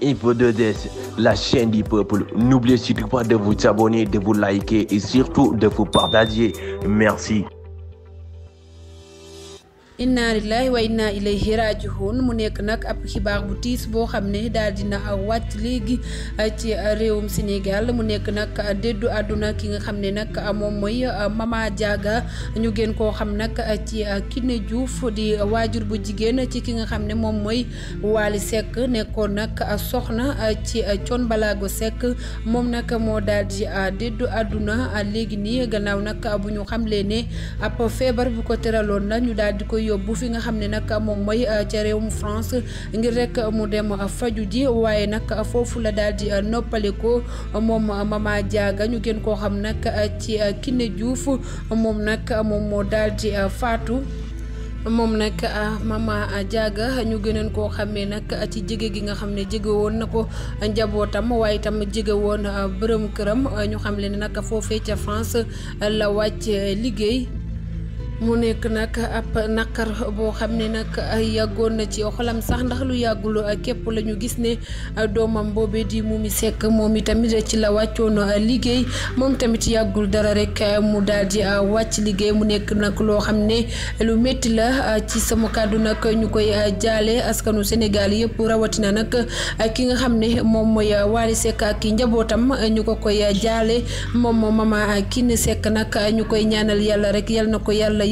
Info2S, la chaîne du peuple. N'oubliez surtout pas de vous abonner, de vous liker et surtout de vous partager. Merci. inna lillahi wa inna ilayhi raji'un mu nekk nag ab xibaar bu tiis boo xam ne daal dina wàcc léegi uh, ci uh, réewum Sénégal mu nekk nag uh, déddu àdduna ki nga xam ne nag moom mooy Mama Diaga ñu gën koo xam nag ci Kiné Diouf di waajur bu jigéen ci ki nga xam ne moom mooy Wally Seck nekkoon nag soxna ci Thione Ballago Seck moom nag moo daal di déddu àdduna léegi nii gannaaw nag bu ñu xamlee ne ab feebar bu ko teraloon na ñu daal di koy bu fi nga xam ne nag moom mooy euh, ca réew mu France ngir rek mu dem euh, faju ji waaye nag euh, foofu la daal di noppaliko moom Mama Diaga ñu gën koo xam nag ci Kiné Diouf moom nag moom moo daal di faatu. moom nag Mama Diaga ñu gënoon koo xamee nag ci jege gi nga xam ne jege woon na ko njabootam waaye itam jege woon bërëm këram ñu xam leen nag foofe ca France la wàcc liggéey. mu nekk nag ab naqar boo xam ne nag yàggoon na ci xolam sax ndax lu yàggul képp la ñu gis ne doomam boobee di mi sekk moom itamit ci la wàccoon liggéey moom tamit yàggul dara rek mu daal di wàcc liggéey mu nekk nag loo xam ne lu métti la ci sama kàddu nag ñu koy jaale askanu Sénégal yëpp rawatina nag ki nga xam ne moom mooy Waly Seck ak njabootam ñu ko koy jaale moom Mama Kiné sekk nag ñu koy ñaanal yàlla rek yal na ko yàlla.